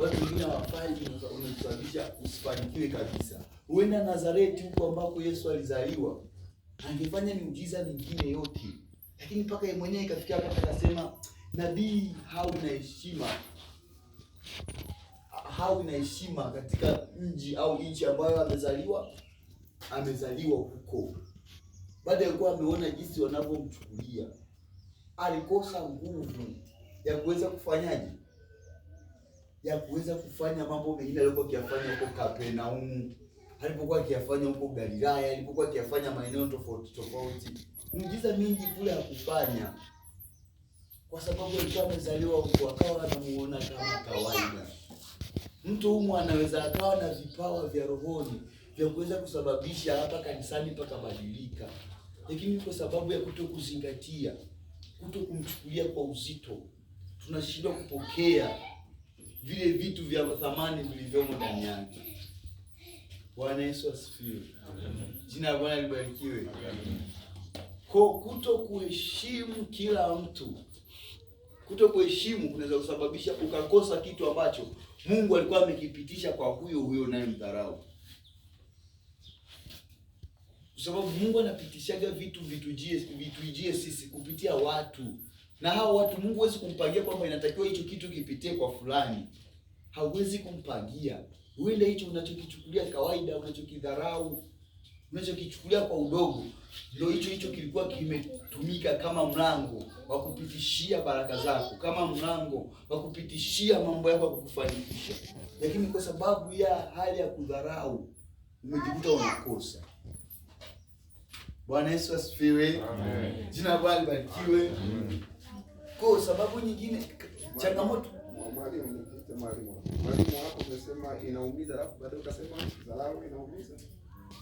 watu wengine hawafai, unasababisha usifanikiwe kabisa. Huenda Nazareti huko ambako Yesu alizaliwa angefanya miujiza mingine yote, lakini mpaka yeye mwenyewe ikafikia hapo akasema, nabii na heshima, na heshima katika mji au nchi ambayo amezaliwa amezaliwa huko. Baada ya kuwa ameona jinsi wanavyomchukulia, alikosa nguvu ya kuweza kufanyaje ya kuweza kufanya mambo mengine aliyokuwa akiyafanya huko Kapernaumu, alipokuwa akiyafanya huko Galilaya, alipokuwa akiyafanya maeneo tofauti tofauti. Miujiza mingi kule ya kufanya, kwa sababu alikuwa amezaliwa huko, akawa anamuona kama kawaida. Mtu humu anaweza akawa na vipawa vya rohoni vya kuweza kusababisha hapa kanisani pakabadilika, lakini kwa sababu ya kutokuzingatia, kuto kumchukulia kwa uzito, tunashindwa kupokea vile vitu vya thamani vilivyomo ndani yake. Bwana Yesu asifiwe. Jina la Bwana libarikiwe. Kwa kuto kuheshimu kila mtu, kuto kuheshimu kunaweza kusababisha ukakosa kitu ambacho Mungu alikuwa amekipitisha kwa huyo huyo mdharau kwa sababu Mungu anapitishaga vitu vitujie, vitujie sisi kupitia watu na hao watu Mungu huwezi kumpangia kwamba inatakiwa hicho kitu kipitie kwa fulani, hauwezi kumpangia uende. Hicho unachokichukulia kawaida, unachokidharau, unachokichukulia kwa udogo, ndio hicho hicho kilikuwa kimetumika kama mlango wa kupitishia baraka zako, kama mlango wa kupitishia mambo yako ya kukufanikisha. Lakini kwa sababu ya hali ya kudharau umejikuta unakosa. Bwana Yesu asifiwe. Amen. Jina la Bwana libarikiwe. Amen. Kwa sababu nyingine changamoto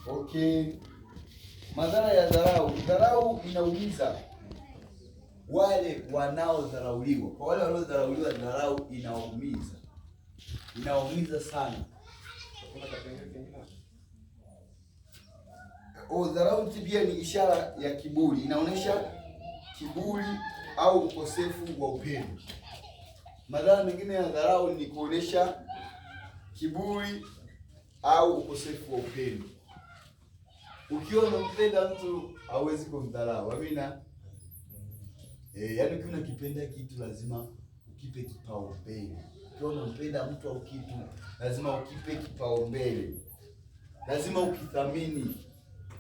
Okay, madhara ya dharau. Dharau inaumiza wale wanaodharauliwa. Kwa wale wanaodharauliwa, dharau inaumiza, inaumiza sana. Oh, dharau pia ni ishara ya kiburi, inaonyesha kiburi au ukosefu wa upendo. Madhara mengine ya dharau ni kuonesha kiburi au ukosefu wa upendo. Ukiwa unampenda mtu hauwezi kumdharau, amina. Eh, yaani ukiwa unakipenda kitu lazima ukipe kipaumbele. Ukiwa unampenda mtu au kitu lazima ukipe kipaumbele, lazima ukithamini,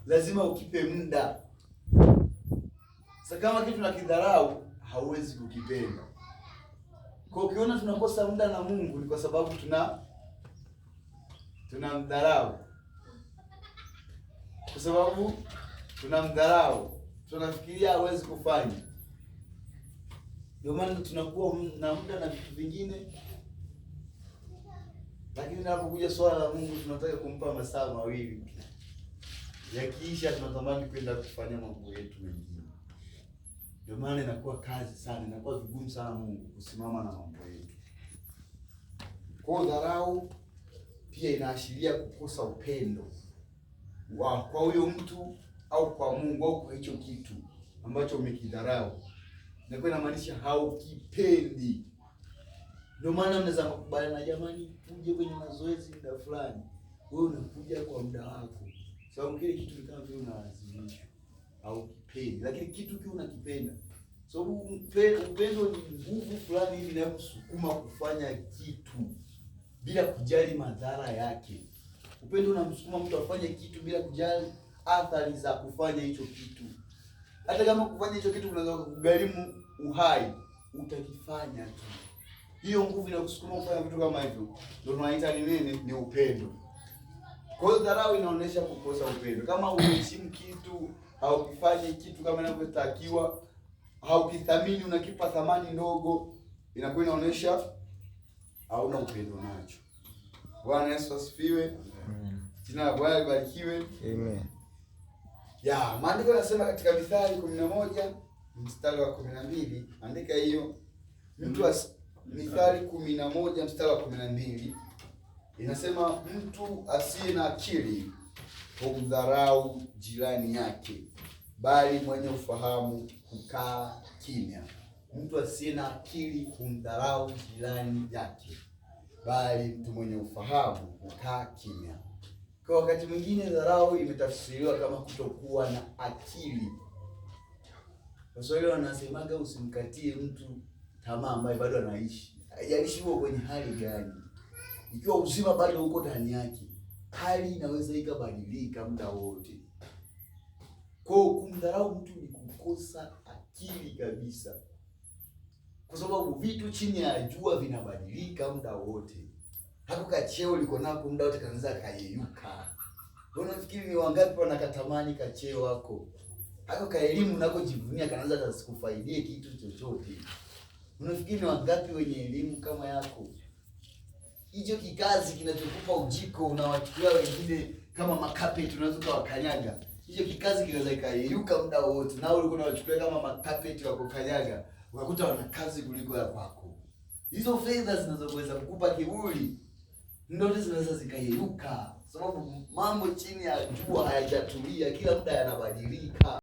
lazima ukipe muda sasa kama kitu na kidharau hauwezi kukipenda. Kwa ukiona tunakosa muda na Mungu ni kwa sababu tuna tunamdharau, kwa sababu tunamdharau, tunafikiria hawezi kufanya, ndio maana tunakuwa na muda na vitu vingine, lakini inapokuja swala la Mungu tunataka kumpa masaa mawili, yakiisha tunatamani kwenda kufanya mambo yetu mengine. Ndio maana inakuwa kazi sana, inakuwa vigumu sana Mungu kusimama na mambo yetu. Kwa dharau pia inaashiria kukosa upendo wa kwa huyo mtu au kwa Mungu au kwa hicho kitu ambacho umekidharau, inakuwa inamaanisha haukipendi. Ndio maana mnaweza kukubaliana, jamani, uje kwenye mazoezi muda fulani, wewe unakuja kwa muda wako, sababu kile kitu ni kama vile unalazimishwa au kipendi, lakini kitu kile unakipenda, sababu so, upendo ni nguvu fulani hivi inayokusukuma kufanya kitu bila kujali madhara yake. Upendo unamsukuma mtu afanye kitu bila kujali athari za kufanya hicho kitu. Hata kama kufanya hicho kitu kunaweza kugharimu uhai, utakifanya tu. Hiyo nguvu inakusukuma kufanya vitu kama hivyo, ndio tunaita ni nini? Ni upendo. Kwa hiyo dharau inaonyesha kukosa upendo. Kama unaheshimu kitu haukifanyi kitu kama inavyotakiwa, haukithamini, unakipa thamani ndogo, inakuwa inaonyesha hauna upendo nacho. Bwana Yesu asifiwe, jina la Bwana libarikiwe. Amen. Ya, maandiko yanasema katika Mithali kumi na moja mstari wa kumi na mbili andika hiyo mtu wa Mithali kumi na moja mstari wa kumi na mbili inasema mtu asiye na akili humdharau jirani yake, bali mwenye ufahamu hukaa kimya. Mtu asiye na akili humdharau jirani yake, bali mtu mwenye ufahamu hukaa kimya. Kwa wakati mwingine dharau imetafsiriwa kama kutokuwa na akili. Waswahili wanasemaga usimkatie mtu tamaa ambaye bado anaishi, haijalishi huo kwenye hali gani, ikiwa uzima bado uko ndani yake hali inaweza ikabadilika muda wote. Kwa hiyo kumdharau mtu ni kukosa akili kabisa, kwa sababu vitu chini ya jua vinabadilika muda wote. Hapo kacheo liko nako muda wote kanaweza kayeyuka. Unafikiri ni wangapi wanakatamani kacheo wako hako ka elimu jivunia kanaanza kasikufaidie kitu chochote. Unafikiri ni wangapi wenye elimu kama yako? hicho kikazi kinachokupa ujiko unawachukulia wengine kama makapeti, unaweza ukawakanyaga. Hicho kikazi kinaweza ikayeyuka muda wowote, na ulikuwa unawachukulia kama makapeti wa kukanyaga, ukakuta wana kazi kuliko ya kwako. Hizo fedha zinazoweza kukupa kiburi ndoto zinaweza zikayeyuka, sababu mambo chini ya jua hayajatulia, kila muda yanabadilika.